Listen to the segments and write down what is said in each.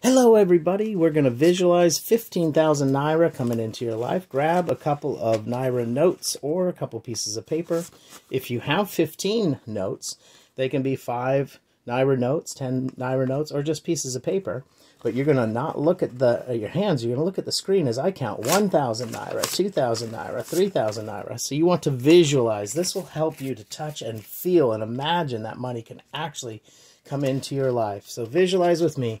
Hello, everybody. We're going to visualize 15,000 Naira coming into your life. Grab a couple of Naira notes or a couple pieces of paper. If you have 15 notes, they can be 5 Naira notes, 10 Naira notes, or just pieces of paper. But you're going to not look at the uh, your hands. You're going to look at the screen as I count 1,000 Naira, 2,000 Naira, 3,000 Naira. So you want to visualize. This will help you to touch and feel and imagine that money can actually come into your life. So visualize with me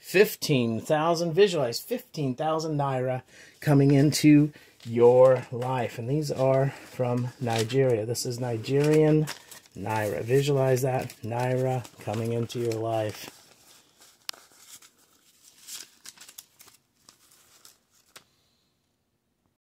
15,000, visualize 15,000 naira coming into your life. And these are from Nigeria. This is Nigerian naira. Visualize that naira coming into your life.